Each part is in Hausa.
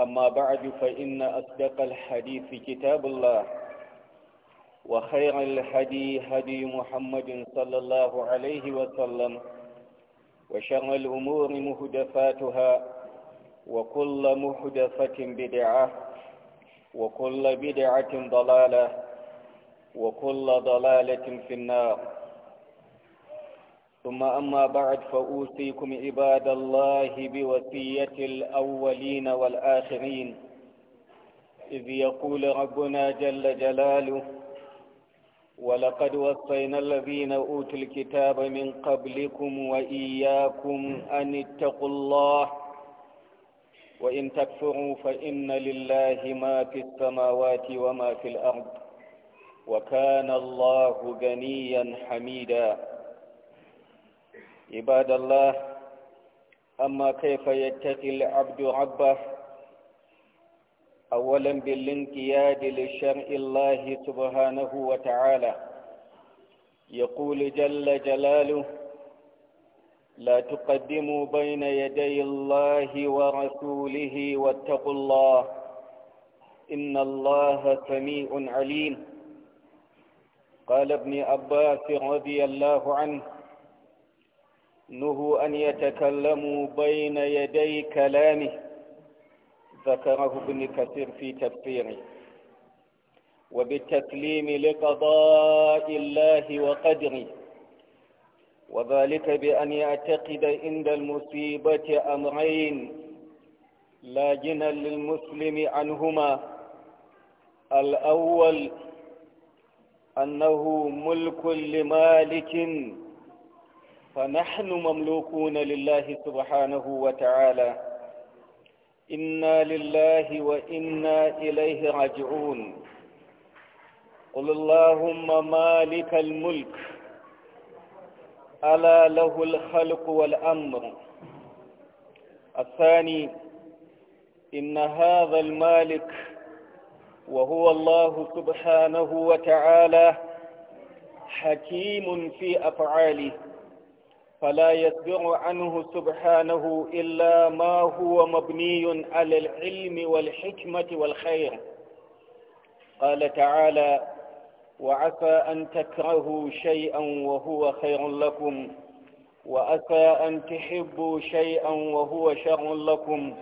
أما بعد فإن أصدق الحديث كتاب الله وخير الهدي هدي محمد صلى الله عليه وسلم وشر الأمور مهدفاتها وكل مهدفة بدعة وكل بدعة ضلالة وكل ضلالة في النار ثم أما بعد فأوصيكم عباد الله بوصية الأولين والآخرين إذ يقول ربنا جل جلاله ولقد وصينا الذين أوتوا الكتاب من قبلكم وإياكم أن اتقوا الله وإن تكفروا فإن لله ما في السماوات وما في الأرض وكان الله غنيا حميدا عباد الله أما كيف يتقي العبد ربه أولا بالانقياد لشرع الله سبحانه وتعالى يقول جل جلاله لا تقدموا بين يدي الله ورسوله واتقوا الله إن الله سميع عليم قال ابن عباس رضي الله عنه نهوا أن يتكلموا بين يدي كلامه ذكره ابن كثير في تفسيره وبالتسليم لقضاء الله وقدره وذلك بأن يعتقد عند المصيبة أمرين لا للمسلم عنهما الأول أنه ملك لمالك فنحن مملوكون لله سبحانه وتعالى إنا لله وإنا إليه راجعون قل اللهم مالك الملك ألا له الخلق والأمر الثاني إن هذا المالك وهو الله سبحانه وتعالى حكيم في أفعاله فلا يتبع عنه سبحانه إلا ما هو مبني على العلم والحكمة والخير قال تعالى وعسى أن تكرهوا شيئا وهو خير لكم وعسى أن تحبوا شيئا وهو شر لكم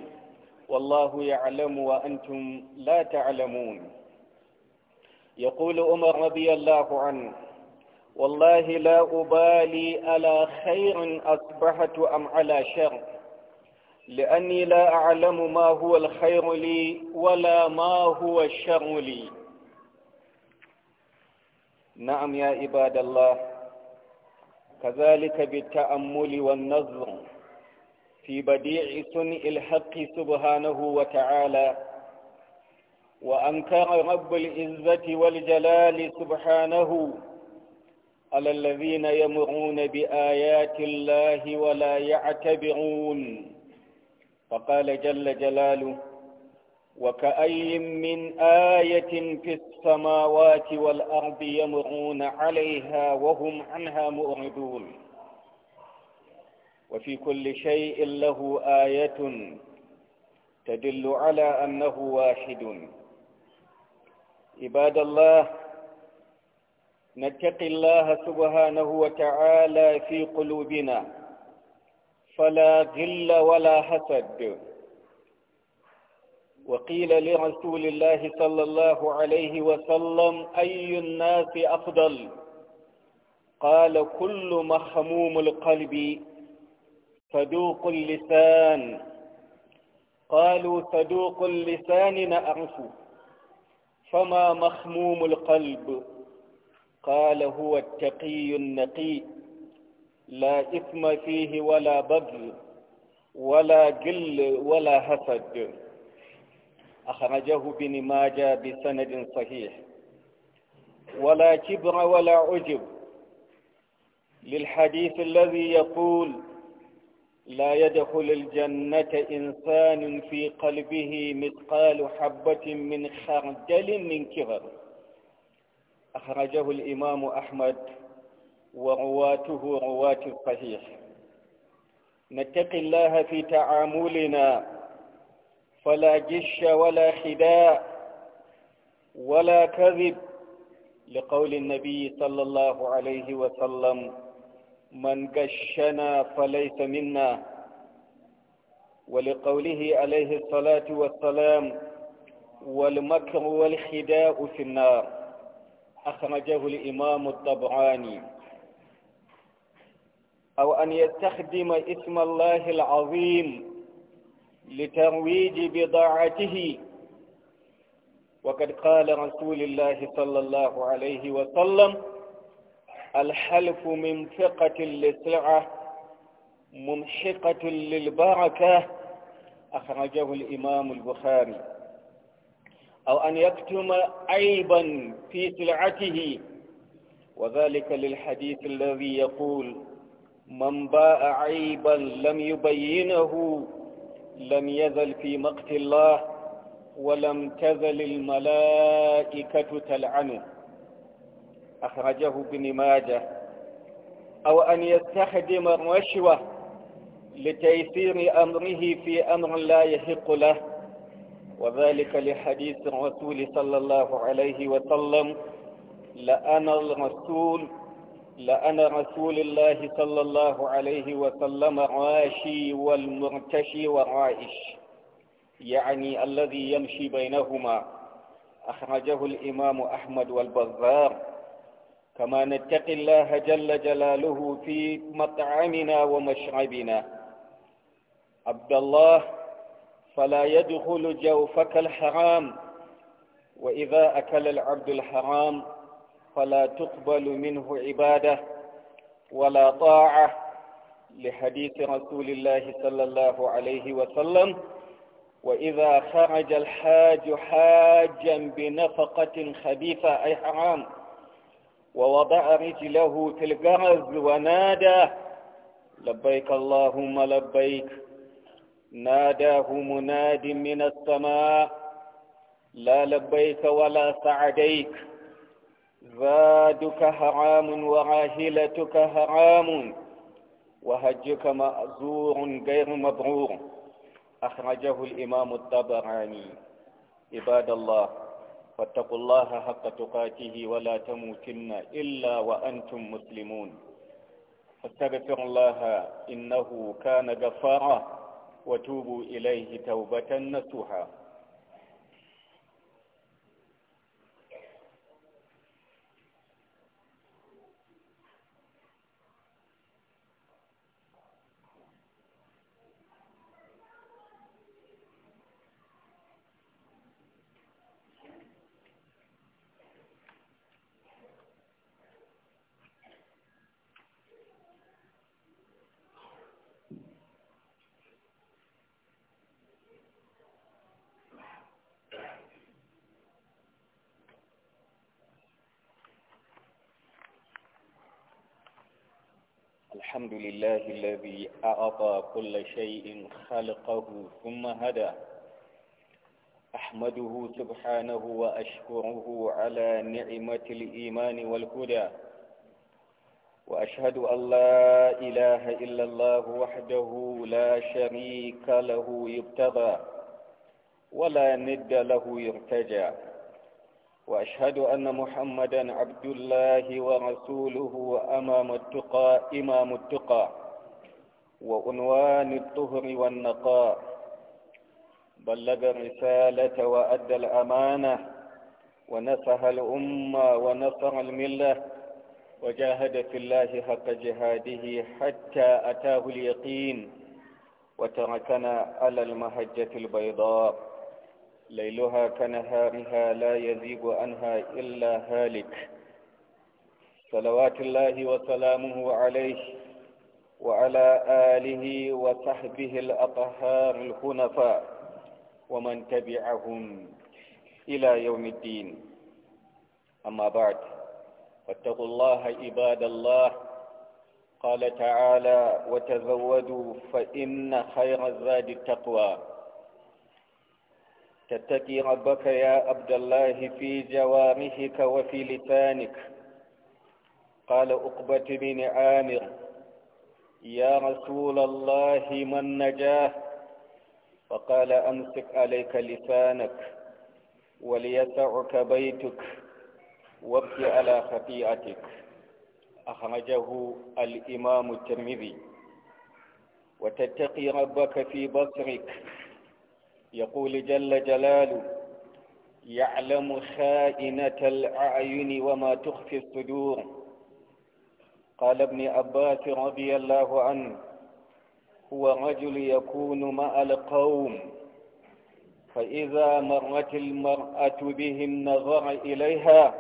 والله يعلم وأنتم لا تعلمون يقول عمر رضي الله عنه والله لا أبالي على خير أصبحت أم على شر لأني لا أعلم ما هو الخير لي ولا ما هو الشر لي نعم يا عباد الله كذلك بالتأمل والنظر في بديع سن الحق سبحانه وتعالى وأنكر رب العزة والجلال سبحانه على الذين يمرون بآيات الله ولا يعتبرون فقال جل جلاله وكأي من آية في السماوات والأرض يمرون عليها وهم عنها مؤردون وفي كل شيء له آية تدل على أنه واحد عباد الله نتقي الله سبحانه وتعالى في قلوبنا فلا غل ولا حسد وقيل لرسول الله صلى الله عليه وسلم أي الناس أفضل قال كل مخموم القلب صدوق اللسان قالوا صدوق اللسان نعرف فما مخموم القلب قال هو التقي النقي لا إثم فيه ولا بغي ولا جل ولا حسد أخرجه بن ماجة بسند صحيح ولا كبر ولا عجب للحديث الذي يقول لا يدخل الجنة إنسان في قلبه مثقال حبة من خردل من كبر أخرجه الإمام أحمد ورواته رواة الصحيح نتقي الله في تعاملنا فلا جش ولا خداع ولا كذب لقول النبي صلى الله عليه وسلم من قشنا فليس منا ولقوله عليه الصلاة والسلام والمكر والخداع في النار أخرجه الإمام الطبعاني أو أن يستخدم اسم الله العظيم لترويج بضاعته وقد قال رسول الله صلى الله عليه وسلم الحلف منفقة للسلعة ممحقة للبركة أخرجه الإمام البخاري أو أن يكتم عيبا في سلعته وذلك للحديث الذي يقول من باء عيبا لم يبينه لم يزل في مقت الله ولم تزل الملائكة تلعنه أخرجه بن ماجه أو أن يستخدم الرشوة لتيسير أمره في أمر لا يهق له وذلك لحديث الرسول صلى الله عليه وسلم لأنا الرسول لأنا رسول الله صلى الله عليه وسلم راشي والمرتشي والرائش يعني الذي يمشي بينهما أخرجه الإمام أحمد والبزار كما نتقي الله جل جلاله في مطعمنا ومشربنا عبد الله فلا يدخل جوفك الحرام وإذا أكل العبد الحرام فلا تقبل منه عبادة ولا طاعة لحديث رسول الله صلى الله عليه وسلم وإذا خرج الحاج حاجا بنفقة خبيثة أي حرام ووضع رجله في الجرز ونادى لبيك اللهم لبيك ناداه مناد من السماء لا لبيك ولا سعديك زادك حرام وعاهلتك حرام وهجك مأزور غير مبرور أخرجه الإمام الطبراني عباد الله فاتقوا الله حق تقاته ولا تموتن إلا وأنتم مسلمون فاستغفر الله إنه كان غفارا wa tubu ilaihi taubatan nasuha الحمد لله الذي أعطى كل شيء خلقه ثم هدى أحمده سبحانه وأشكره على نعمة الإيمان والهدى وأشهد أن لا إله إلا الله وحده لا شريك له يبتغى ولا ند له يرتجى وأشهد أن محمدا عبد الله ورسوله أمام التقى إمام التقى وعنوان الطهر والنقاء بلغ الرسالة وأدى الأمانة ونصح الأمة ونصر الملة وجاهد في الله حق جهاده حتى أتاه اليقين وتركنا على المهجة البيضاء ليلها كنهارها لا يزيغ عنها إلا هالك صلوات الله وسلامه عليه وعلى آله وصحبه الأطهار الخنفاء ومن تبعهم إلى يوم الدين أما بعد فاتقوا الله عباد الله قال تعالى وتزودوا فإن خير الزاد التقوى تتقي ربك يا عبد الله في جوامحك وفي لسانك قال أقبة بن عامر يا رسول الله من نجاه فقال أمسك عليك لسانك وليسعك بيتك وابك على خطيئتك أخرجه الإمام الترمذي وتتقي ربك في بصرك يقول جل جلاله يعلم خائنة الأعين وما تخفي الصدور قال ابن عباس رضي الله عنه هو رجل يكون مع القوم فإذا مرت المرأة بهم نظر إليها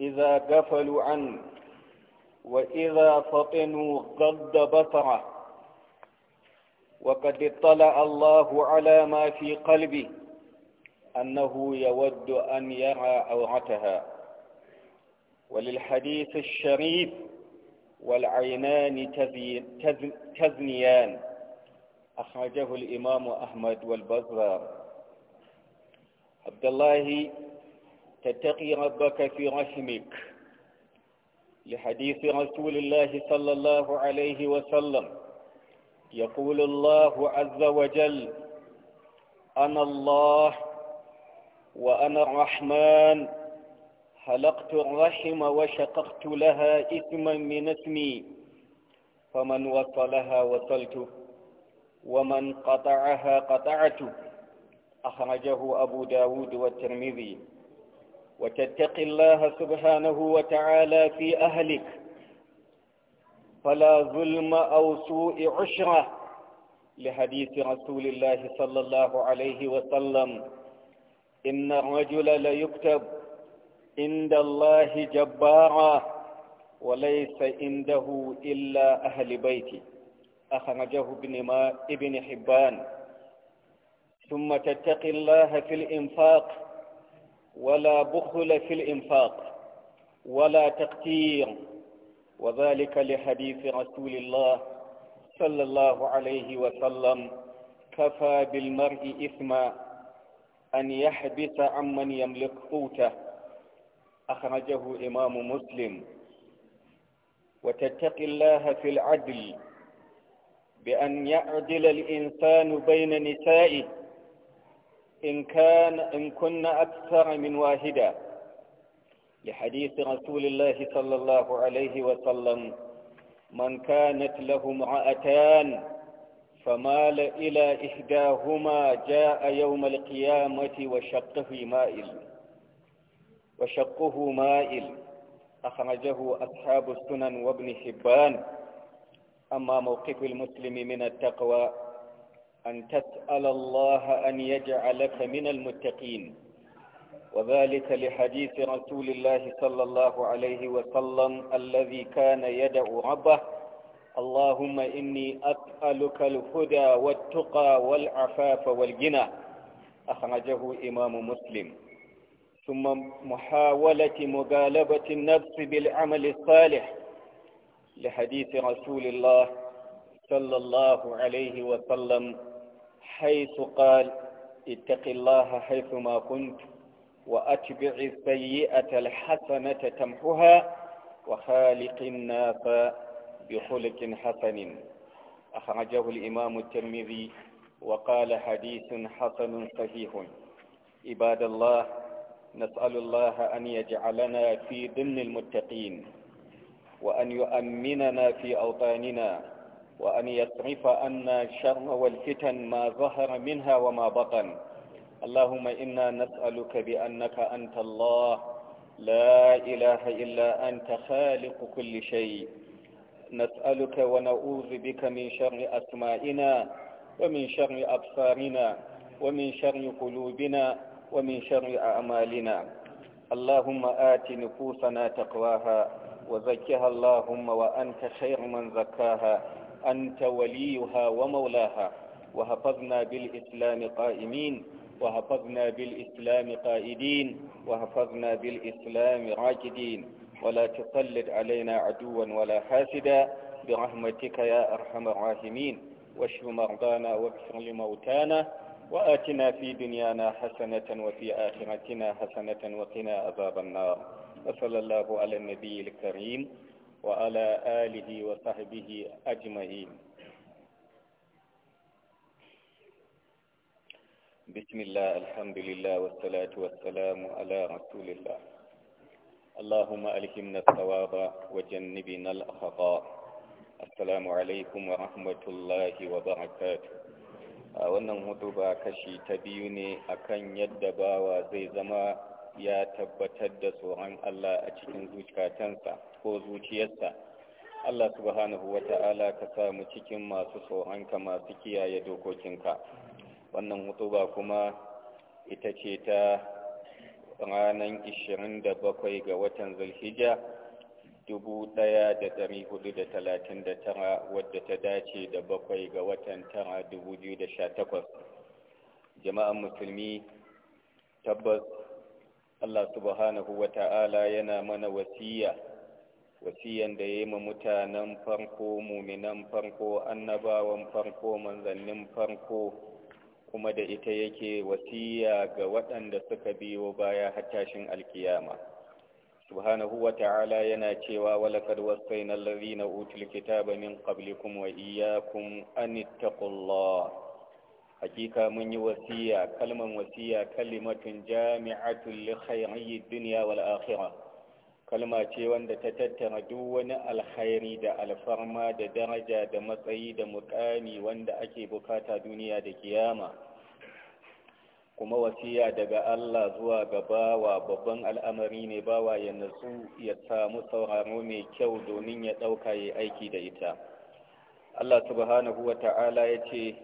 إذا قفلوا عنه وإذا فطنوا غض بصره وقد اطلع الله على ما في قلبه أنه يود أن يرى عورتها وللحديث الشريف والعينان تزنيان أخرجه الإمام أحمد والبزار عبد الله تتقي ربك في رحمك لحديث رسول الله صلى الله عليه وسلم يقول الله عز وجل أنا الله وأنا الرحمن خلقت الرحم وشققت لها إثما من اسمي فمن وصلها وصلته ومن قطعها قطعته أخرجه أبو داود والترمذي وتتق الله سبحانه وتعالى في أهلك فلا ظلم أو سوء عشرة لحديث رسول الله صلى الله عليه وسلم إن الرجل ليكتب عند الله جبارا وليس عنده إلا أهل بيتي أخرجه ابن, ما ابن حبان ثم تتقي الله في الإنفاق ولا بخل في الإنفاق ولا تقتير وذلك لحديث رسول الله صلى الله عليه وسلم كفى بالمرء إثما أن يحبس عمن يملك قوته أخرجه إمام مسلم وتتقي الله في العدل بأن يعدل الإنسان بين نسائه إن, كان إن كن أكثر من واحدة لحديث رسول الله صلى الله عليه وسلم من كانت له امرأتان فمال إلى إحداهما جاء يوم القيامة وشقه مائل وشقه مائل أخرجه أصحاب السنن وابن حبان أما موقف المسلم من التقوى أن تسأل الله أن يجعلك من المتقين وذلك لحديث رسول الله صلى الله عليه وسلم الذي كان يدعو ربه اللهم إني أسألك الهدى والتقى والعفاف والجنى أخرجه إمام مسلم ثم محاولة مغالبة النفس بالعمل الصالح لحديث رسول الله صلى الله عليه وسلم حيث قال اتق الله حيثما كنت وأتبع السيئة الحسنة تمحها وخالق الناس بخلق حسن أخرجه الإمام الترمذي وقال حديث حسن صحيح عباد الله نسأل الله أن يجعلنا في ضمن المتقين وأن يؤمننا في أوطاننا وأن يصرف عنا الشر والفتن ما ظهر منها وما بطن اللهم إنا نسألك بأنك أنت الله لا إله إلا أنت خالق كل شيء نسألك ونعوذ بك من شر أسمائنا ومن شر أبصارنا ومن شر قلوبنا ومن شر أعمالنا اللهم آت نفوسنا تقواها وزكها اللهم وأنت خير من زكاها أنت وليها ومولاها وحفظنا بالإسلام قائمين وحفظنا بالإسلام قائدين وحفظنا بالإسلام راكدين ولا تسلط علينا عدوا ولا حاسدا برحمتك يا أرحم الراحمين واشف مرضانا واكفر لموتانا وآتنا في دنيانا حسنة وفي آخرتنا حسنة وقنا عذاب النار وصلى الله على النبي الكريم وعلى آله وصحبه أجمعين بسم الله الحمد لله والصلاة والسلام على رسول الله اللهم ألهمنا الثواب وجنبنا الأخطاء السلام عليكم ورحمة الله وبركاته a wannan hudu ba kashi ta biyu ne akan yadda bawa zai zama ya tabbatar da tsoron Allah a cikin zukatansa ko zuciyarsa Allah subhanahu wata'ala ka samu cikin masu tsoronka masu kiyaye dokokinka wannan hutuba kuma ita ce ta ranar 27 ga watan zulhijja 1439 wadda ta dace da bakwai ga watan tara 2018 jama'an musulmi tabbas Allah subhanahu wa ta'ala yana mana wasiya wasiyan da ya yi mutanen farko muminan farko annabawan farko manzannin farko kuma da ita yake wasiya ga waɗanda suka biyo baya hattashin alkiyama subhanahu wa ta'ala yana cewa walakad wasaina allazina utul kitaba min qablikum wa iyyakum an ittaqullah hakika mun yi wasiya kalman wasiya kalimatun jami'atul li khayri dunya wal akhirah kalma ce wanda ta tattara duk wani alkhairi da alfarma da daraja da matsayi da mukami wanda ake bukata duniya da kiyama kuma wasiya daga Allah zuwa ga bawa babban al'amari ne bawa ya ya samu sauraro mai kyau domin ya ɗauka ya aiki da ita Allah subhanahu wa ta'ala ya ce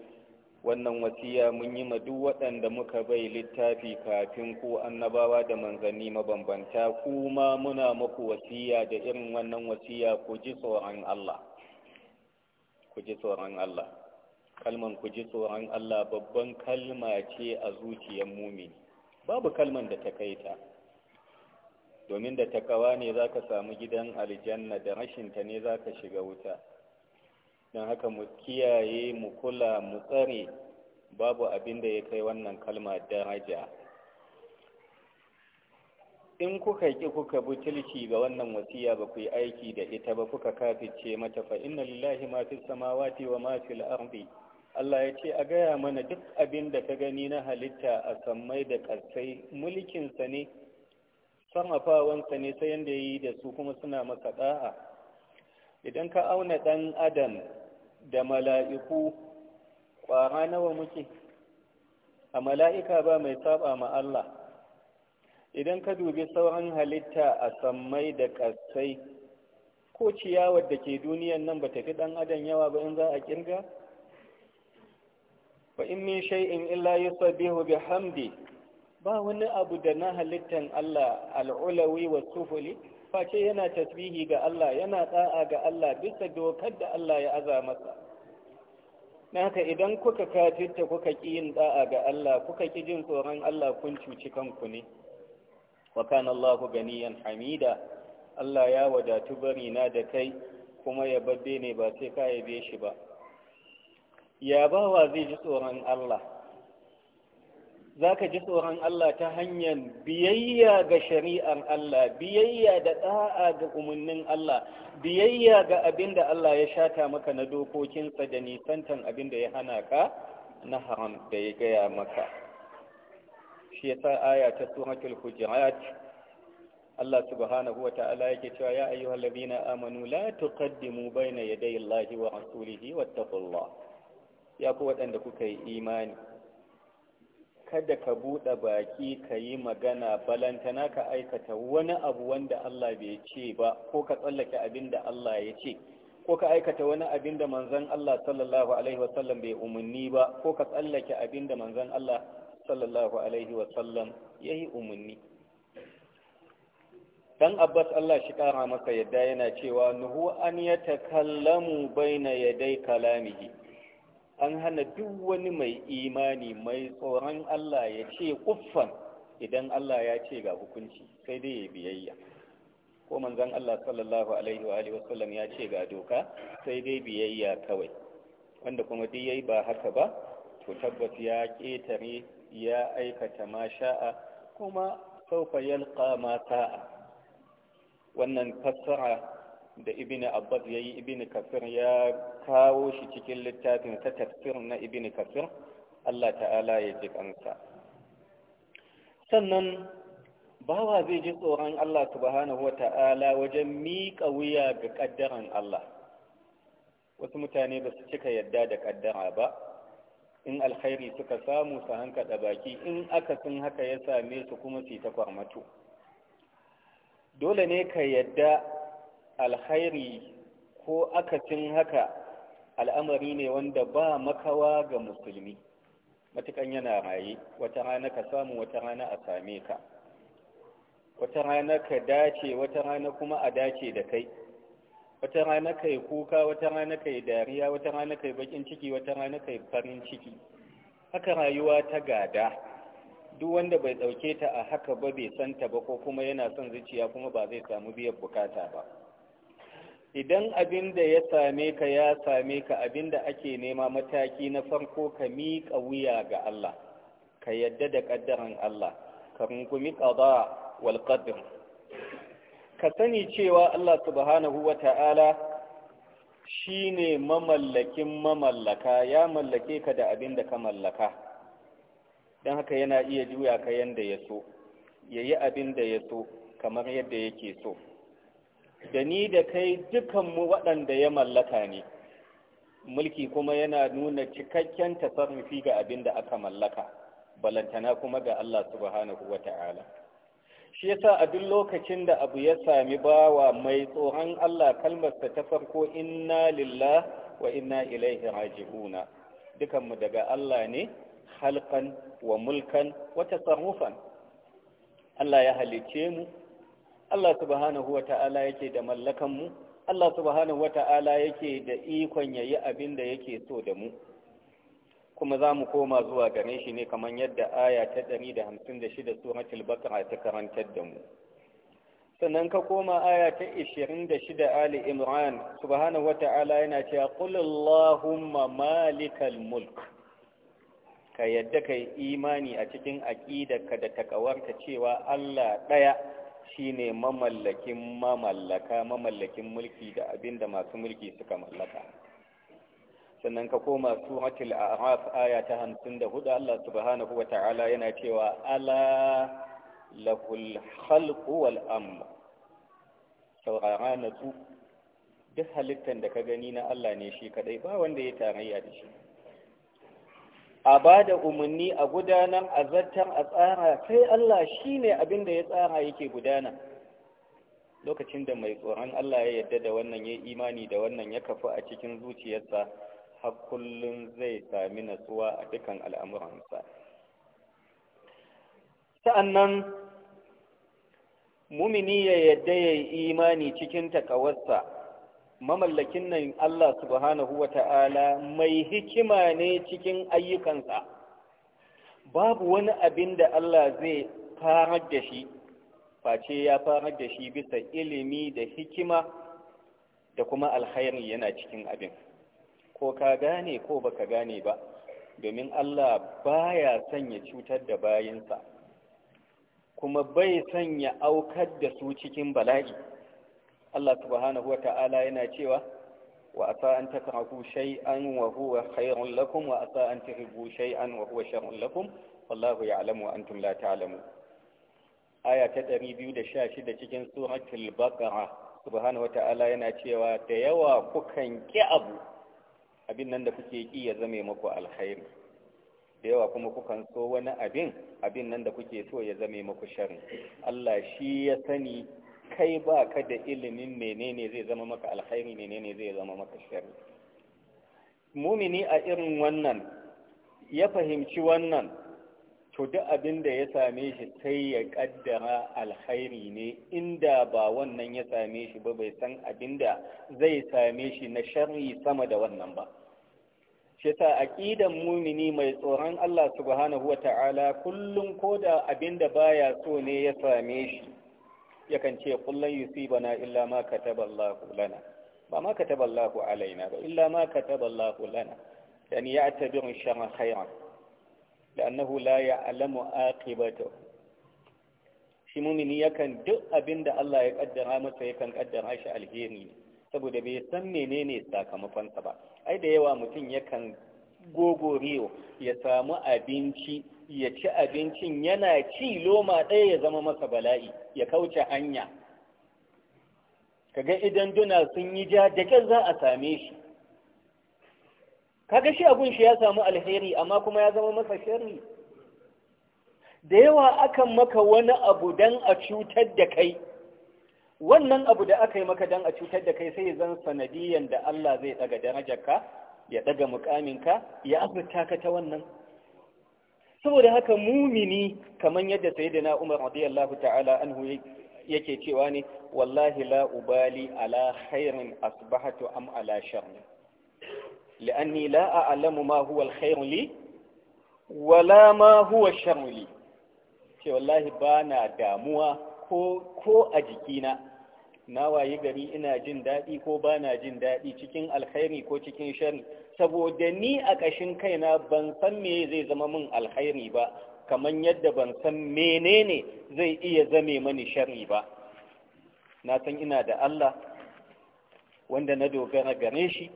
wannan wasiya mun yi ma duk waɗanda muka bai littafi kafin ko annabawa da manzanni mabambanta kuma muna muku wasiya da irin wannan wasiya ku ji tsoron Allah kalman ku ji tsoron Allah babban kalma ce a zuciyar mumin babu kalman da ta kai ta domin da takawa ne za ka samu gidan aljanna da rashinta ne za ka shiga wuta don haka mu kiyaye mu kula mu tsare babu abin da ya kai wannan kalma daraja in kuka ki kuka butulci ga wannan wasiya ba ku yi aiki da ita ba kuka kafice mata fa inna lillahi ma fis samawati wa ma fil ardi Allah ya ce a gaya mana duk abin da ka gani na halitta a sammai da ƙasai mulkinsa ne sarrafawansa ne sai yanda ya yi da su kuma suna masa ɗa'a idan ka auna ɗan adam da mala'iku ƙwara nawa muke a mala'ika ba mai saba ma Allah idan ka dubi sauran halitta a sammai da ƙasai ko ciyawar da ke duniyan nan ba tafi ɗan adam yawa ba in za a ƙirga ba in min shay'in illa bi Hamdi. ba wani abu da na halittan Allah al'ulawi wa sufuli face yana tasbihi ga Allah yana da'a ga Allah bisa dokar da Allah ya aza masa na haka idan kuka kafirta kuka ki yin da'a ga Allah kuka ki jin tsoron Allah kun cuci kanku ne wa kana Allahu ganiyan hamida Allah ya wadatu bari na da kai kuma ya babbe ne ba sai ka yabe shi ba ya bawa zai ji tsoron Allah za ka ji tsoron Allah ta hanyar biyayya ga shari'ar Allah biyayya da ɗa'a ga umarnin Allah biyayya ga abin da Allah ya shata maka na dokokinsa da nisantan abin da ya hana ka na haram da ya gaya maka shi ya sa aya ta suratul hujurat Allah subhanahu wa ta'ala yake cewa ya ayyuhal ladina amanu la tuqaddimu bayna yaday Allahi wa rasulihi wattaqullah ya ku waɗanda kuka yi imani kada ka buɗe baki ka yi magana balantana ka aikata wani abu wanda Allah bai ce ba ko ka tsallake abin da Allah ya ce ko ka aikata wani abin da manzon Allah sallallahu alaihi wasallam bai umarni ba ko ka tsallake abin da manzon Allah sallallahu alaihi wasallam yi umarni dan Abbas Allah shi kara masa yadda yana cewa nuhu an yatakallamu baina yaday kalamihi an hana duk wani mai imani mai tsoron Allah ya ce kuffan idan Allah ya ce ga hukunci sai dai ya biyayya ko manzon Allah sallallahu alaihi wa alihi wasallam ya ce ga doka sai dai biyayya kawai wanda kuma dai yayi ba haka ba to tabbas ya ketare ya aikata ma sha'a kuma sauka yalqa ma sa'a wannan fassara da ibn abbas ya yi ibn kafir ya kawo shi cikin littafin ta tafsir na ibn kafir allah ta'ala ya ji kansa sannan bawa zai ji tsoron allah subhanahu wa ta'ala wajen miƙa wuya ga ƙaddaran allah wasu mutane ba su cika yadda da ƙaddara ba in alkhairi suka samu su hankada baki in aka sun haka ya same su kuma su ta kwarmato dole ne ka yadda alkhairi ko akacin haka al'amari ne wanda ba makawa ga musulmi matukan yana raye wata rana ka samu wata rana a same ka wata rana ka dace wata rana kuma a dace da kai wata rana ka kuka wata rana ka dariya wata rana ka bakin ciki wata rana ka farin ciki haka rayuwa ta gada duk wanda bai dauke ta a haka ba bai santa ba ko kuma yana son zuciya kuma ba zai samu biyan bukata ba idan abin da ya same ka ya same ka abin da ake nema mataki na farko ka miƙa wuya ga Allah ka yadda da ƙaddaran Allah ka rungumi ƙada wal ka sani cewa Allah subhanahu wa ta'ala shi ne mamallakin mamallaka ya mallake ka da abin da ka mallaka don haka yana iya juya ka yanda ya so ya yi abin da ya so kamar yadda yake so da ni da kai dukanmu waɗanda ya mallaka ne mulki kuma yana nuna cikakken tasarrufi ga abin da aka mallaka balantana kuma ga Allah subhanahu wa ta'ala shi yasa a duk lokacin da abu ya sami bawa mai tsoron Allah kalmarsa ta farko inna lillah wa inna ilaihi raji'una dukanmu daga Allah ne halkan wa mulkan wa tasarrufan Allah ya halice mu Allah subhanahu wa ta'ala yake da mallakanmu Allah subhanahu wa ta'ala yake da ikon yayi abin da yake so da mu kuma za mu koma zuwa gare shi ne kamar yadda aya ta 156 suratul bakara ta karantar da mu sannan ka koma aya ta 26 ali imran subhanahu ta’ala yana cewa qul malikal mulk ka yadda yi imani a cikin aƙidarka da takawarka cewa Allah ɗaya. shine mamallakin mamallaka mamallakin mulki da abinda masu mulki suka mallaka sannan ka koma suratul a'raf aya ta da hudu Allah subhanahu wata'ala yana cewa ala lahul khalqu wal amr saurara na duk halittar da ka gani na Allah ne shi kadai ba wanda ya tarayya da shi a ba da umarni a gudanar a zartar a tsara sai Allah shi ne abin da ya tsara yake gudana lokacin da mai tsoron Allah ya yadda da wannan ya imani da wannan ya kafa a cikin zuciyarsa har kullum zai sami natsuwa a dukkan al'amuransa sa'annan mumini ya yadda ya yi imani cikin takawarsa mamallakin nan Allah subhanahu wa ta'ala mai hikima ne cikin ayyukansa babu wani abin da Allah zai farar da shi face ya farar da shi bisa ilimi da hikima da kuma alkhairi yana cikin abin ko ka gane ko baka gane ba domin Allah baya sanya cutar da bayinsa kuma bai sanya aukar da su cikin bala'i Allah subhanahu wata'ala yana cewa wa asa an takrahu shay'an wa huwa khairun lakum wa asa an tuhibbu shay'an wa huwa sharrun lakum wallahu ya'lamu wa antum la ta'lamun aya ta 216 cikin suratul baqara subhanahu wata'ala yana cewa da yawa kukan ki abu abin nan da kuke ki ya zame muku alkhairi da yawa kuma kukan so wani abin abin nan da kuke so ya zame muku sharri Allah shi ya sani kai ba ka da ilimin menene zai zama maka alkhairi menene zai zama maka shari mumini a irin wannan ya fahimci wannan to duk abin da ya same shi sai ya kaddara alkhairi ne inda ba wannan ya same shi ba bai san abinda zai same shi na shari sama da wannan ba shi ta aqidan mumini mai tsoron Allah subhanahu wata'ala kullum koda abin da baya so ne ya same shi yakan ce kullun yusibana illa ma kataballahu lana ba ma kataballahu alaina ba illa ma kataballahu lana yani ya'tabiru sharra khairan لأنه لا يعلم آقبته shi mumini yakan duk abinda Allah ya kaddara masa yakan kaddara shi alheri saboda bai san menene sakamakonsa ba ai da yawa mutum yakan gogoriyo ya samu abinci ya ci abincin yana ci loma ɗaya ya zama masa bala'i ya kauce hanya kaga idan duna sun yi ja da ƙyar za a same shi kaga shi abun shi ya samu alheri amma kuma ya zama masa shirri da yawa akan maka wani abu dan a cutar da kai wannan abu da aka yi maka dan a cutar da kai sai zan sanadiyan da Allah zai daga darajarka ya daga mukaminka ya azurta ka ta wannan saboda haka mumini kamar yadda sayyidina Umar radiyallahu ta'ala anhu yake cewa ne wallahi la ubali ala khairin asbahatu am ala sharrin لأني لا alamu ma هو الخير لي ولا ما هو الشر ce wallahi bana damuwa ko a jikina na waye gari ina jin daɗi ko bana jin daɗi cikin alkhairi ko cikin shari saboda ni a ƙashin kaina ban san me zai zama min alkhairi ba kamar yadda ban san menene zai iya zame mani shari ba na san ina da Allah wanda na dogara gare shi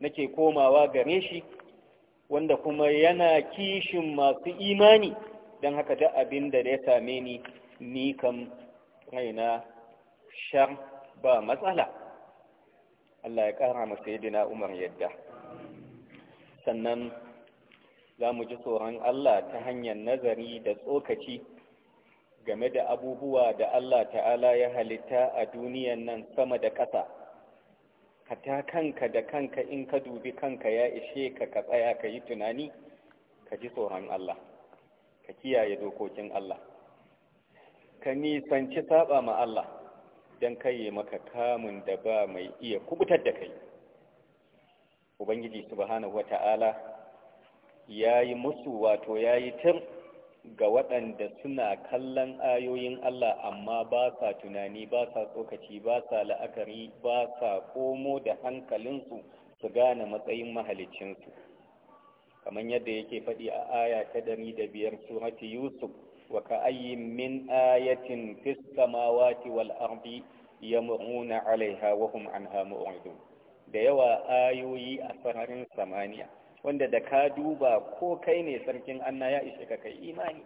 nake komawa gare shi wanda kuma yana kishin masu imani don haka da abin da ya same ni ni kam raina shar ba matsala Allah ya ƙara masa yadda na umar yadda sannan za mu ji tsoron Allah ta hanyar nazari da tsokaci game da abubuwa da Allah ta'ala ya halitta a duniyan nan sama da ƙasa hata kanka da kanka in ka dubi kanka ya ishe ka ka tsaya ka yi tunani ka ji tsoron Allah ka kiyaye dokokin Allah ka nisanci saba ma Allah don kai maka kamun da ba mai iya kubutar da kai ubangiji subhanahu wata'ala ya yi musu wato ya yi tir ga waɗanda suna kallon ayoyin Allah amma ba sa tunani ba sa tsokaci ba sa la'akari ba sa komo da hankalinsu su gane matsayin mahalicinsu kamar yadda yake faɗi a aya ta ɗari da biyar surati yusuf wa ka'ayyin min ayatin fis samawati wal ardi yamuruna alaiha wa hum anha mu'ridun da yawa ayoyi a sararin samaniya wanda da ka duba ko kai ne sarkin anna ya ishe ka kai imani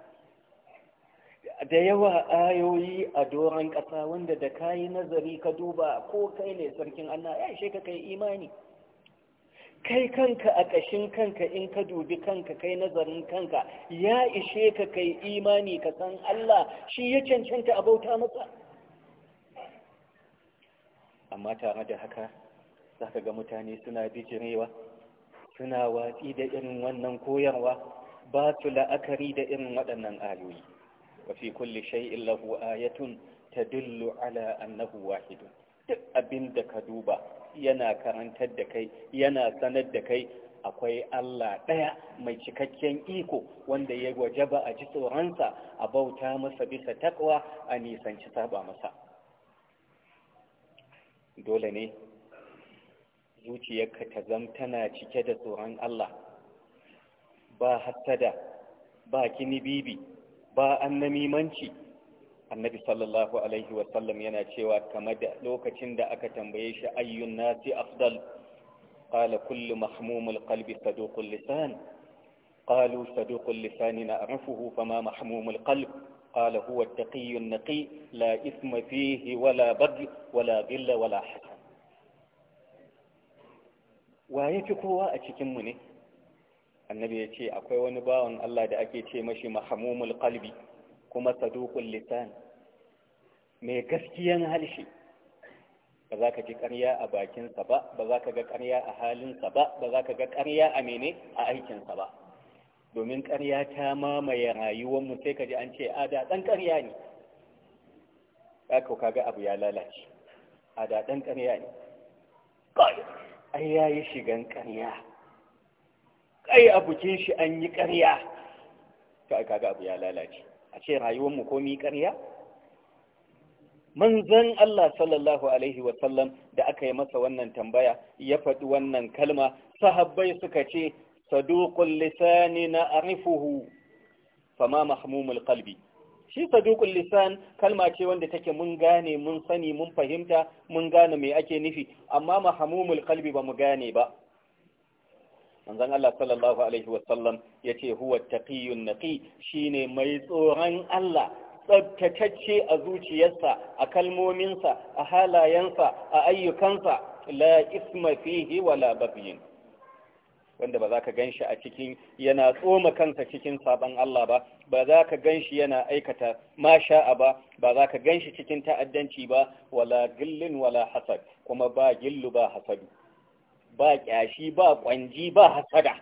da yawa ayoyi a doron ƙasa wanda da ka yi nazari ka duba ko kai ne sarkin anna ya ishe ka kai imani kai kanka a ƙashin kanka in ka dubi kanka kai nazarin kanka ya ishe ka kai imani ka san Allah shi ya cancanta a bauta masa amma tare da haka za ka ga mutane suna bijirewa suna watsi da irin wannan koyarwa ba su la'akari da irin waɗannan ayoyi wa fi kulli shay'in lahu ayatun tadullu ala annahu wahidun duk abin da ka duba yana karantar da kai yana sanar da kai akwai Allah ɗaya mai cikakken iko wanda ya wajaba a ji tsoronsa a bauta masa bisa takwa a nisanci saba masa dole ne zuciyarka ta zam tana cike da tsoron Allah ba hassada ba kinibibi ba annamimanci annabi sallallahu alaihi wasallam yana cewa kamar da lokacin da aka tambaye shi ayyun nasi afdal qala kullu mahmumul qalbi saduqul lisan qalu saduqul lisan na'rifuhu fama mahmumul qalb قال هو التقي النقي la إثم فيه wala بغي wala غل wala حسد Wa ya fi kowa a cikinmu ne annabi ya ce akwai wani bawan Allah da ake ce mashi mahamumul kalbi kuma saduqul lisan mai gaskiyan halshi ba za ka ji ƙarya a bakinsa ba ba za ka ga ƙarya a halinsa ba ba za ka ga ƙarya a mene a aikinsa ba domin ƙarya ta mamaye rayuwar mu, sai ka ji an ce a da ɗan ƙarya ne ka ga abu ya lalace a da ɗan ƙarya ne ai ya yi shigan ƙarya ai a bukin shi an yi ƙarya to ai abu ya lalace a ce rayuwar mu komi ƙarya manzan Allah sallallahu alaihi wa sallam da aka yi masa wannan tambaya ya faɗi wannan kalma sahabbai suka ce saduƙun lisani na arifuhu fama mahmumul qalbi shi saduqul lisan kalma ce wanda take mun gane mun sani mun fahimta mun gane mai ake nufi amma mahamumul qalbi ba mu gane ba manzon Allah sallallahu alaihi wasallam yace huwa taqiyyun naqi shine mai tsoron Allah tsabtatacce a zuciyarsa a kalmominsa a halayensa a ayyukansa la isma fihi wala babiyin wanda ba za ka gan shi a cikin yana tsoma kansa cikin saban Allah ba ba za ka gan shi yana aikata masha'a ba ba za ka gan shi cikin ta'addanci ba wala gillin wala hasad kuma ba gillu ba hasadu ba kyashi ba kwanji ba hasada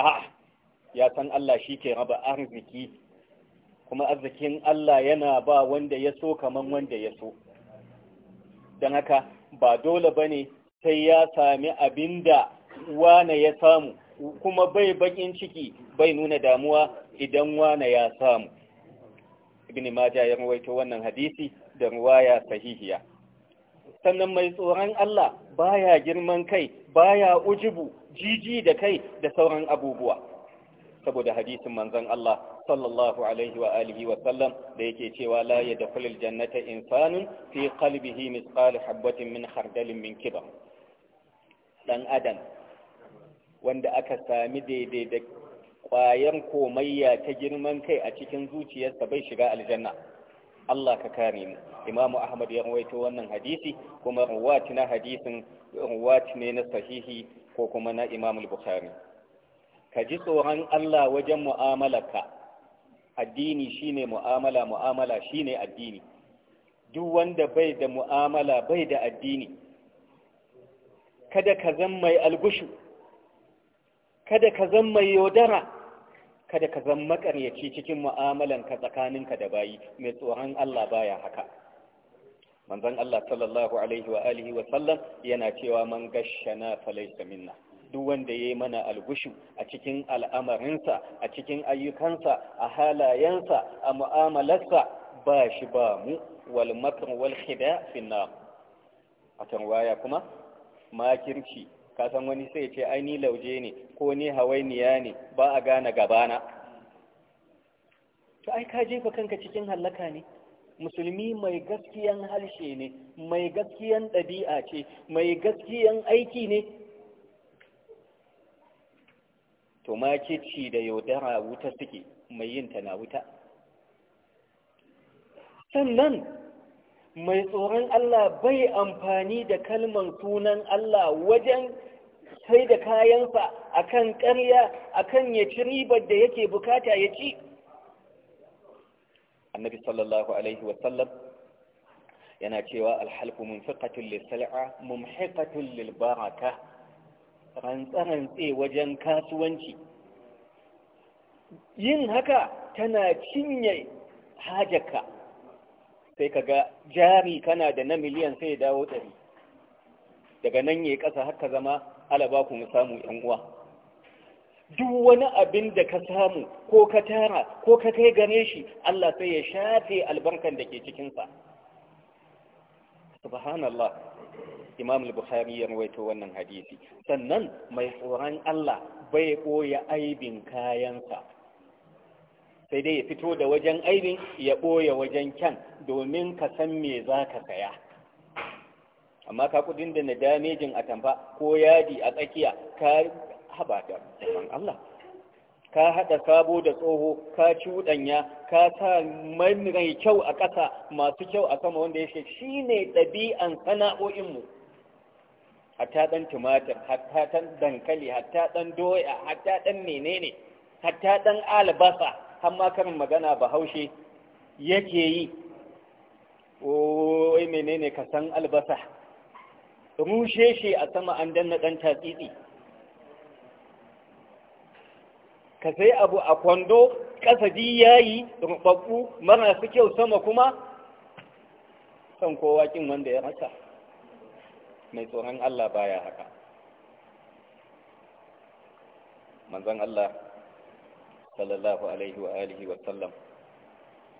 a ya san Allah shi ke raba arziki kuma arzikin Allah yana ba wanda ya so kamar wanda ya so don haka ba dole ba ne sai ya sami abinda da wane ya samu kuma bai bakin ciki bai nuna damuwa idan wane ya samu ibn majah ya rawaito wannan hadisi da ruwaya sahihiya sannan mai tsoron Allah baya girman kai baya ujubu jiji da kai da sauran abubuwa saboda hadisin manzon Allah sallallahu alaihi wa alihi wa sallam da yake cewa la kulil jannata insanun fi qalbihi mithqal habatin min khardalin min kibar dan adam wanda aka sami daidai da ƙwayar komayya ta girman kai a cikin zuciyarsa bai shiga aljanna Allah ka kare mu Imam Ahmad ya rawaito wannan hadisi kuma ruwati na hadisin ruwati ne na sahihi ko kuma na Imam Bukhari ka ji tsoron Allah wajen mu'amalarka addini shine mu'amala mu'amala shine addini duk wanda bai da mu'amala bai da addini kada ka zan mai algushu kada ka zan mai yaudara kada ka zan makaryaci cikin mu'amalanka tsakaninka da bayi mai tsoron Allah baya haka manzon Allah sallallahu alaihi wa alihi wa sallam yana cewa man gashshana falaysa minna duk wanda yayi mana algushu a cikin al'amarinsa a cikin ayyukansa a halayensa a mu'amalarsa ba shi ba mu wal makr wal khida fi nar a kuma makirci kasan wani sai ce ai ni lauje ne ko ni hawainiya ne ba a gane gabana to ai ka jefa kanka cikin hallaka ne musulmi mai gaskiyan halshe ne mai gaskiyan ɗabi'a ce mai gaskiyan aiki ne to ma ci da yaudara wuta suke mai yin ta na wuta sannan mai tsoron Allah bai amfani da kalman sunan Allah wajen sai da kayansa a akan ƙarya kan ya ci ribar da yake bukata ya ci annabi sallallahu alaihi wasallam yana cewa alhalku munfiqatun lisal'a mumhiqatun lilbaraka rantsa-rantse wajen kasuwanci yin haka tana cinye hajjaka sai ka ga jari kana da na miliyan sai ya dawo ɗari daga nan ya ƙasa haka zama alaba ku mu samu yan uwa duk wani abin da ka samu ko ka tara ko ka kai gare shi Allah sai ya shafe albarkan da ke cikinsa subhanallah imam al-bukhari ya rawaito wannan hadisi sannan mai tsoron Allah bai koya aibin kayansa sai dai ya fito da wajen aibin ya ɓoye wajen kyan domin ka san me za ka saya amma ka kudin da na damejin a tamfa ko yadi a tsakiya ka haba da Allah ka haɗa sabo da tsoho ka cuɗanya ka sa mai kyau a ƙasa masu kyau a sama wanda ya ce shi ne ɗabi'an sana'o'inmu hatta ɗan tumatir hatta ɗan dankali hatta ɗan doya hatta ɗan menene hatta ɗan albasa har ma karin magana bahaushe yake yi o menene ka san albasa rushe shi a sama an danna ɗan tatsitsi ka sai abu a kwando ƙasa ya yi rubabbu su kyau sama kuma san kowa kin wanda ya rasa mai tsoron Allah baya haka manzon Allah sallallahu alaihi wa alihi wa sallam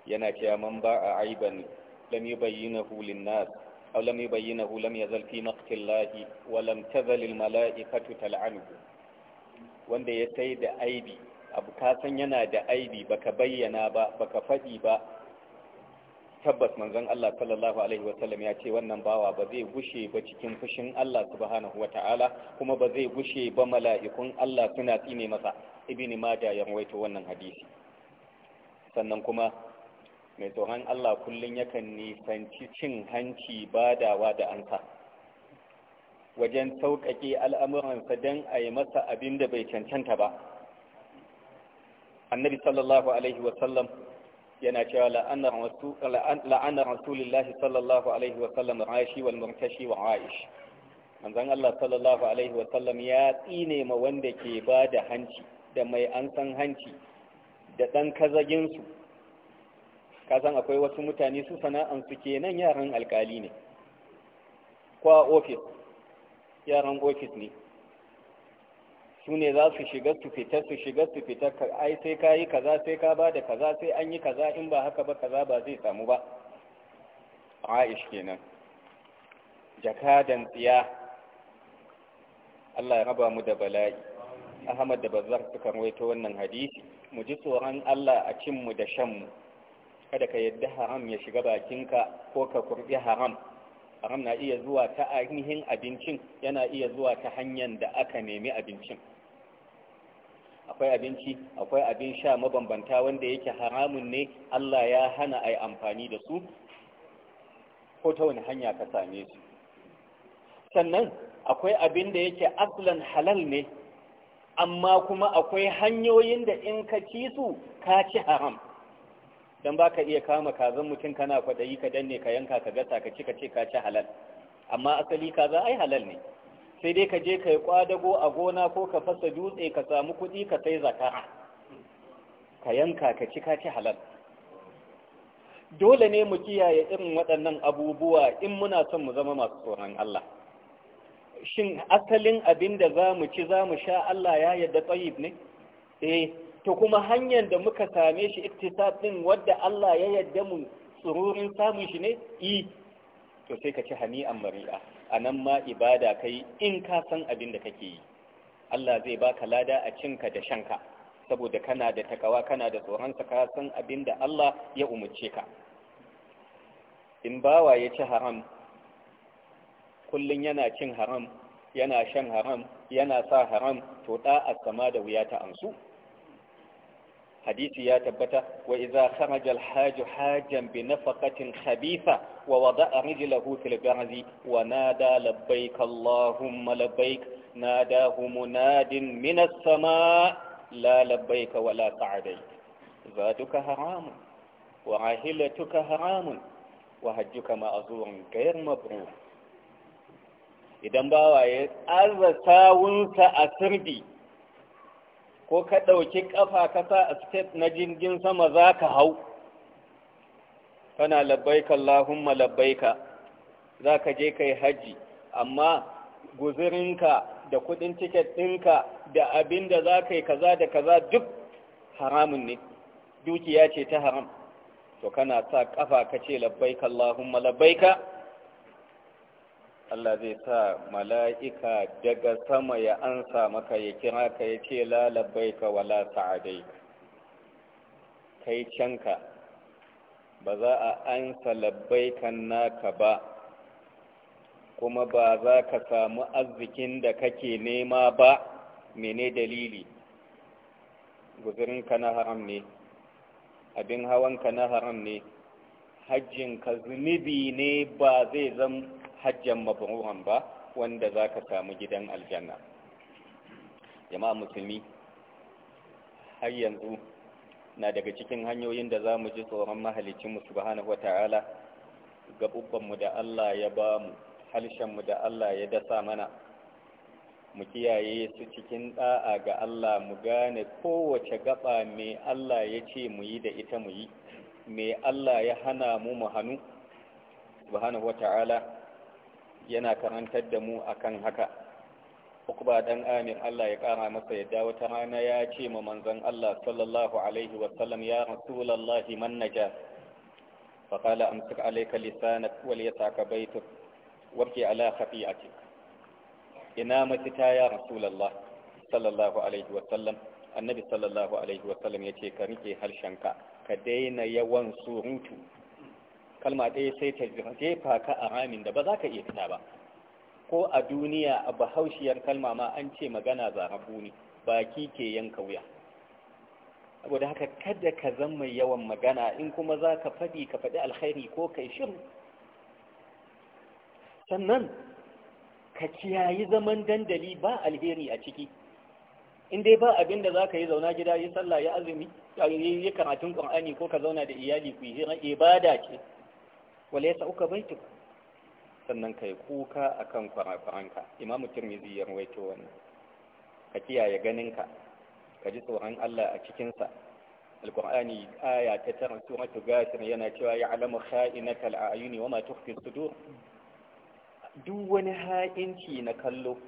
yana cewa man ba a aiban lam yubayyinahu lin-nas أو لم يبينه لم يزل في مقت الله ولم تزل wanda ya sai da aibi abu kasan yana da aibi baka bayyana ba ka faɗi ba tabbas manzon Allah sallallahu alaihi wasallam ya ce wannan bawa ba zai gushe ba cikin fushin Allah subhanahu wataala kuma ba zai gushe ba mala'ikun Allah suna tsine masa ibni maja ya rawaito wannan hadisi sannan kuma mai tsoron Allah kullum yakan nisanci cin hanci badawa da ansa wajen sauƙaƙe al'amuransa don a yi masa abin da bai cancanta ba annabi sallallahu alaihi wasallam yana cewa la'anar rasulullahi sallallahu alaihi wasallam rashi wal murtashi wa aish manzon Allah sallallahu alaihi wasallam ya tsine ma wanda ke ba da hanci da mai an san hanci da ɗan kazaginsu ka san akwai wasu mutane su sana'ansu nan yaran alkali ne ko ofis yaran ofis ne su ne za su shiga su fita su shiga su fita ai sai ka yi kaza sai ka ba da kaza sai an yi kaza in ba haka ba kaza ba zai samu ba aish kenan jakadan tsiya Allah ya raba mu da bala'i Ahmad da Bazzar suka rawaito wannan hadisi mu ji tsoron Allah a cin mu da shan mu kada ka yadda haram ya shiga bakinka ko ka kurbi haram haram na iya zuwa ta ainihin abincin yana iya zuwa ta hanyar da aka nemi abincin akwai abinci akwai abin sha mabambanta wanda yake haramun ne Allah ya hana ai amfani da su ko ta wani hanya ka same su sannan akwai abin da yake aslan halal ne amma kuma akwai hanyoyin da in ka ci su ka ci haram dan baka iya kama kazan mutum kana kwadayi ka danne ka yanka ka gasa ka ci ka ce ka ci halal amma asali kaza ai halal ne sai dai ka je ka yi kwadago a gona ko ka fasa dutse ka samu kuɗi ka sai zaka ka yanka ka ci ka ci halal dole ne mu kiyaye irin waɗannan abubuwa in muna son mu zama masu tsoron Allah shin asalin abin da za mu ci za mu sha Allah ya yadda tsayib ne eh to kuma hanyar da muka same shi iktisab din wadda Allah ya yarda mu tsururin samun shi ne i to sai ka ci hani'an mari'a anan ma ibada kai in ka san abin da kake yi Allah zai baka lada a cinka da shanka saboda kana da takawa kana da tsoronsa ka san abin da Allah ya umarce ka in bawa ya ci haram kullum yana cin haram yana shan haram yana sa haram to da'ar sama da wuya ta amsu hadisi ya tabbata wa idza kharaja al-haju hajan bi nafaqatin khabitha wa wada'a rijlahu fil barzi wa nada labbaik allahumma labbaik nadahu munadin min as-samaa la labbaik wa la sa'adai zaduka haramun wa rahilatuka haramun wa hajjuka ma'zurun ghayr mabrur idan bawaye arza sawunsa a sirbi ko ka ɗauki ƙafa kasa a step na jirgin sama za ka hau kana labbaika Allahumma labbaika za ka je ka yi hajji. amma guzurinka da kudin tiket ɗinka da abin da za ka yi kaza da kaza duk haramun ne dukiya ce ta haram to kana sa ƙafa ka ce labbaika Allahumma labbaika Allah zai sa mala'ika daga sama ya ansa maka ya kira ka ya ce lalabai ka wala sa'adai kai canka ba za a ansa labbai kan naka ba kuma ba za ka samu arzikin da kake nema ba mene dalili guzurinka na haram ne abin hawanka na haram ne hajjinka zunubi ne ba zai zama. hajjan mabruhan ba wanda za ka samu gidan aljanna jama'a musulmi har yanzu na daga cikin hanyoyin da za mu ji tsoron mahalicinmu subhanahu wata'ala gaɓuɓɓanmu da Allah ya ba mu harshenmu da Allah ya dasa mana mu kiyaye su cikin ɗa'a ga Allah mu gane kowace gaɓa me Allah ya ce mu yi da ita mu yi me Allah ya hana mu mu hannu subhanahu wata'ala yana karantar da mu akan haka ukba dan amir Allah ya kara masa dawo wata rana ya ce ma manzan Allah sallallahu alaihi wa sallam ya rasulullahi man naja fa qala amsik alayka lisanak wal yataka baytuk wabki ala khafiatik ina mafita ya rasulullah sallallahu alaihi wa sallam annabi sallallahu alaihi wa sallam ce ka rike harshenka ka daina yawan surutu kalma ɗaya sai ta jefa ka a ramin da ba za ka iya fita ba ko a duniya a bahaushiyar kalma ma an ce magana zarabu ne baki ke yanka wuya saboda haka kada ka zan mai yawan magana in kuma za ka faɗi ka faɗi alkhairi ko kai shiru sannan ka kiyayi zaman dandali ba alheri a ciki in dai ba abin da za ka yi zauna gida yi sallah ya azumi ya yi karatun ƙur'ani ko ka zauna da iyali ku yi hira ibada ce wale ya sa'uka baituk sannan kai kuka akan kwarakwaranka imamu tirmidhi ya rawaito wannan ka kiyaye ganinka ka ji tsoron Allah a cikinsa alkur'ani aya ta tara suratu ghafir yana cewa ya'lamu kha'inata al'ayuni wama tukhfi sudur duk wani ha'inci na kallo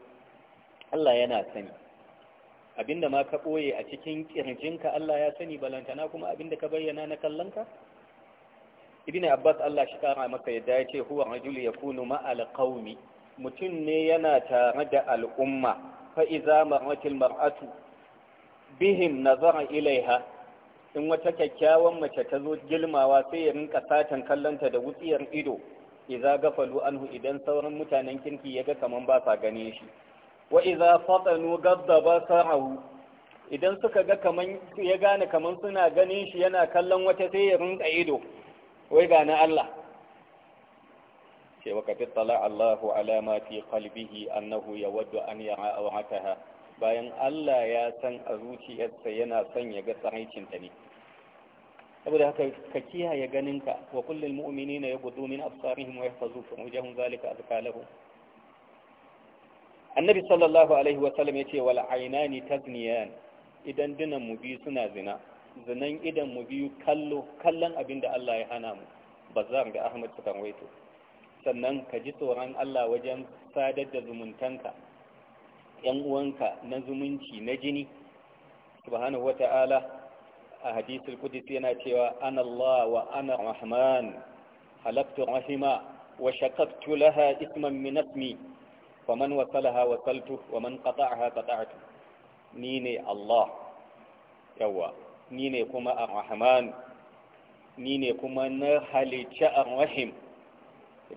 Allah yana sani abinda ma ka ɓoye a cikin ƙirjinka Allah ya sani balantana kuma abinda ka bayyana na kallonka ibn abbas Allah shi kara maka yadda ya ce huwa rajul yakunu ma'al mutum ne yana tare da al'umma fa iza mar'atil mar'atu bihim nazara ilaiha in wata kyakkyawan mace ta zo gilmawa sai ya rinka satan kallonta da wutsiyar ido iza gafalu anhu idan sauran mutanen kirki ya ga kaman ba sa gane shi wa iza fatanu gaddaba sa'ahu idan suka ga kaman ya gane kaman suna ganin shi yana kallon wata sai ya rinka ido wai ga na Allah cewa ka tattala Allahu alama fi qalbihi annahu yawaddu an ya'a aw hataha bayan Allah ya san a zuciyarsa yana son ya ga tsaraicin ta ne saboda haka ka kiyaye ganinka wa kullul mu'minina yaghuddu min absarihim wa yahfazu furujahum zalika azka lahum annabi sallallahu alaihi wa sallam yace wal aynani tazniyan idan dinan mu biyu suna zina zinan idan mu biyu kallo kallon abin da Allah ya hana mu bazar da Ahmad sukan waito sannan ka ji tsoron Allah wajen sadar da zumuntanka ‘yan uwanka na zumunci na jini subhanahu wata'ala a hadisul kudus yana cewa ana Allah wa ana rahman halaktu rahima wa shaqaqtu laha isman min ismi faman wasalaha wasaltu wa man qata'aha qata'tu ni ne Allah yawwa. ni ne kuma a rahman ni ne kuma na halicci a rahim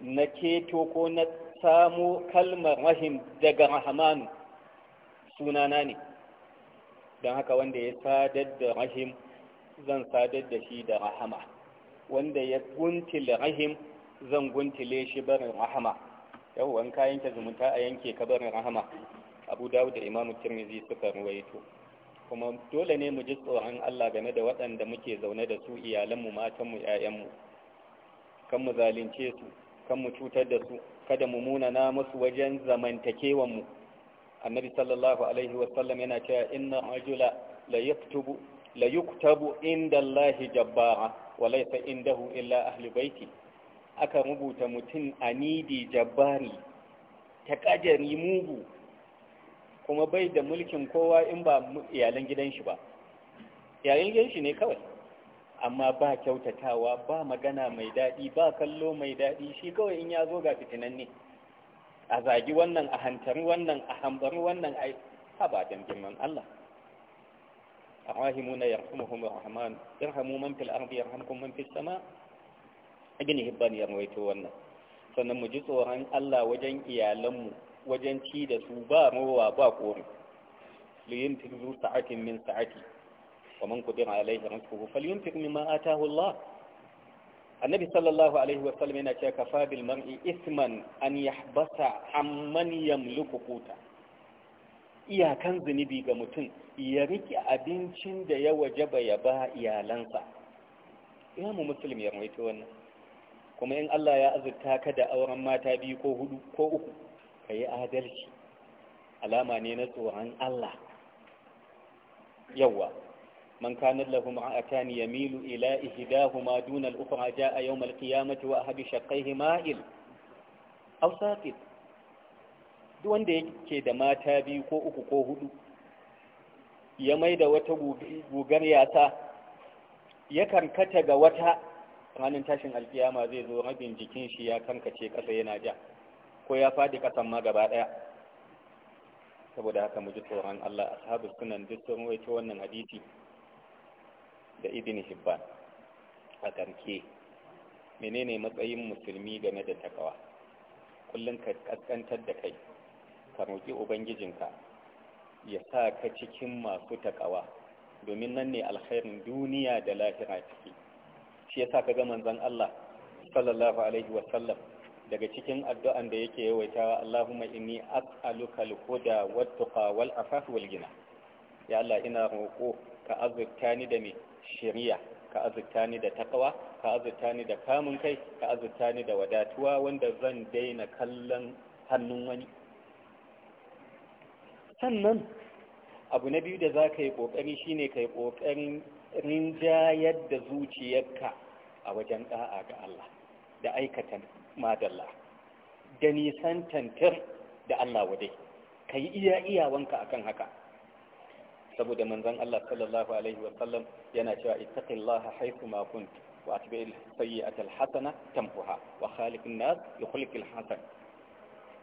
na keto ko na samo kalmar rahim daga rahman sunana ne don haka wanda ya sadar da rahim zan sadar da shi da rahama wanda ya guntile rahim zan guntile shi barin rahama yawon kayan ta zumunta a yanke ka barin rahama abu dawo da imamu tirmizi suka ruwaito kuma dole ne mu ji tsoron Allah game da waɗanda muke zaune da su iyalanmu matanmu ‘ya'yanmu kan mu zalunce su kan mu cutar da su kada mu munana musu wajen zamantakewanmu annabi sallallahu alaihi wasallam yana cewa inna rajula la yuktabu inda Allah jabbara wa laysa indahu illa ahli baiti aka rubuta mutum anidi jabbari ta kajari mugu kuma bai da mulkin kowa in ba iyalan gidan shi ba iyalan gidan shi ne kawai amma ba kyautatawa ba magana mai daɗi ba kallo mai daɗi shi kawai in ya zo ga fitinan ne a zagi wannan a hantari wannan a hambari wannan a habadan girman Allah الراحمون يرحمهم rahman ارحموا man fil ardi yarhamkum man fis sama ajini hibban yarwaito wannan sannan mu ji tsoron Allah wajen iyalanmu wajen ci da su ba rowa ba kori liyuntik zu sa'atin min sa'ati wa man qadira alaihi rizquhu falyuntik mimma ataahu Allah annabi sallallahu alaihi wa sallam yana cewa kafa bil mar'i isman an yahbasa amman yamliku quta iyakan zunubi ga mutum ya rike abincin da ya wajaba ya ba iyalansa mu muslim ya rawaito wannan kuma in Allah ya azurta ka da auren mata biyu ko hudu ko uku ka yi adalci alama ne na tsoron Allah yawa man kana lahu ma'atan yamilu ila ihdahuma duna al-ukhra jaa yawm al-qiyamati wa ahadu shaqqaihi ma'il aw saqit duk wanda yake da mata biyu ko uku ko hudu ya maida wata gugar yasa ya karkata ga wata ranar tashin alkiyama zai zo rabin jikin shi ya kankace kasa yana ja ko ya faɗi ƙasan ma gaba ɗaya saboda haka mu ji tsoron Allah ashabu sunan duk sun waito wannan hadisi da ibn hibban a ƙarke menene matsayin musulmi game da takawa kullum ka kaskantar da kai ka roƙi ubangijinka ya sa ka cikin masu takawa domin nan ne alkhairin duniya da lahira ciki shi yasa ka ga manzon Allah sallallahu alaihi wasallam daga cikin addu'an da yake yawaitawa Allahumma inni as'aluka al-huda wat-tuqa wal-afaf wal gina. ya Allah ina roƙo ka azurta ni da me shari'a ka azurta ni da taqwa ka azurta ni da kamun kai ka azurta ni da wadatuwa wanda zan daina kallon hannun wani sannan abu na biyu da za ka yi ƙoƙari shi ne ka yi ƙoƙarin rinjayar da zuciyarka a wajen ɗa'a ga Allah da aikata madalla da nisan tantar da Allah wadai ka yi iya iyawanka akan haka saboda manzan Allah sallallahu alaihi wa sallam yana cewa ittaqillaha haythu ma kunt wa atbi'il sayyi'ata alhasana tamhuha wa khaliqin nas yukhliqul hasan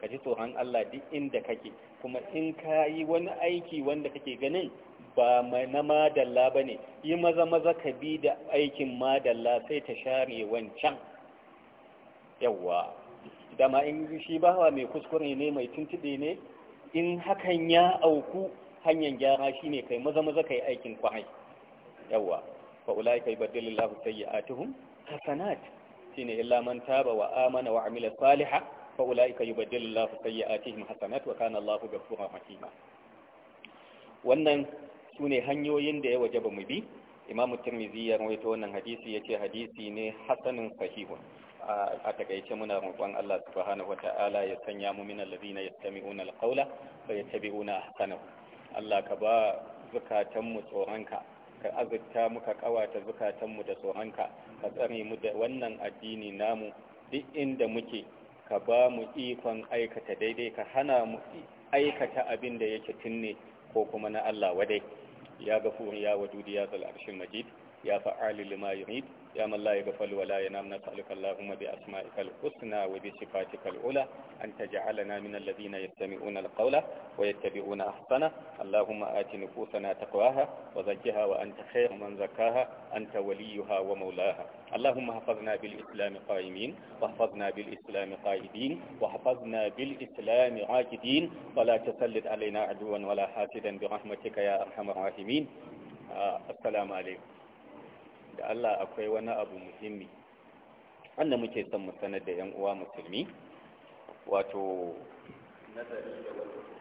ka ji tsoron Allah duk inda kake kuma in ka yi wani aiki wanda kake ganin ba na madalla ba ne yi maza maza ka bi da aikin madalla sai ta share wancan yawwa dama in shi bawa mai kuskure ne mai tuntube ne in hakan ya auku hanyar gyara shine kai maza maza kai aikin kwahai yawwa fa ulai kai badalillahu sayyi'atuhum hasanat shine illa man ba wa amana wa amila salihan fa ulai kai badalillahu sayyi'atuhum hasanat wa kana Allahu ghafurur rahima wannan sune hanyoyin da ya ba mu bi imamu tirmidhi ya rawaito wannan hadisi ce hadisi ne hasanin sahihun a takaice muna roƙon Allah subhanahu wata'ala ya sanya mu min allazina yastami'una alqawla fa yattabi'una ahsanahu Allah ka ba zukatan mu tsoronka ka azurta muka kawata zukatan mu da tsoronka ka tsare mu da wannan addini namu duk inda muke ka ba mu ikon aikata daidai ka hana mu aikata abin da yake tunne ko kuma na Allah wadai ya gafuri ya wadudi ya zal arshin majid ya fa'ali lima yurid يا من لا يغفل ولا ينام نسألك اللهم بأسمائك الحسنى وبصفاتك العلى أن تجعلنا من الذين يستمعون القول ويتبعون أحسنه اللهم آت نفوسنا تقواها وزكها وأنت خير من زكاها أنت وليها ومولاها اللهم احفظنا بالإسلام قائمين واحفظنا بالإسلام قائدين واحفظنا بالإسلام عاجدين ولا تسلط علينا عدوا ولا حاسدا برحمتك يا أرحم الراحمين آه، السلام عليكم da Allah akwai wani abu muhimmi wanda muke son mu sanar da 'yan uwa musulmi wato nazari da wani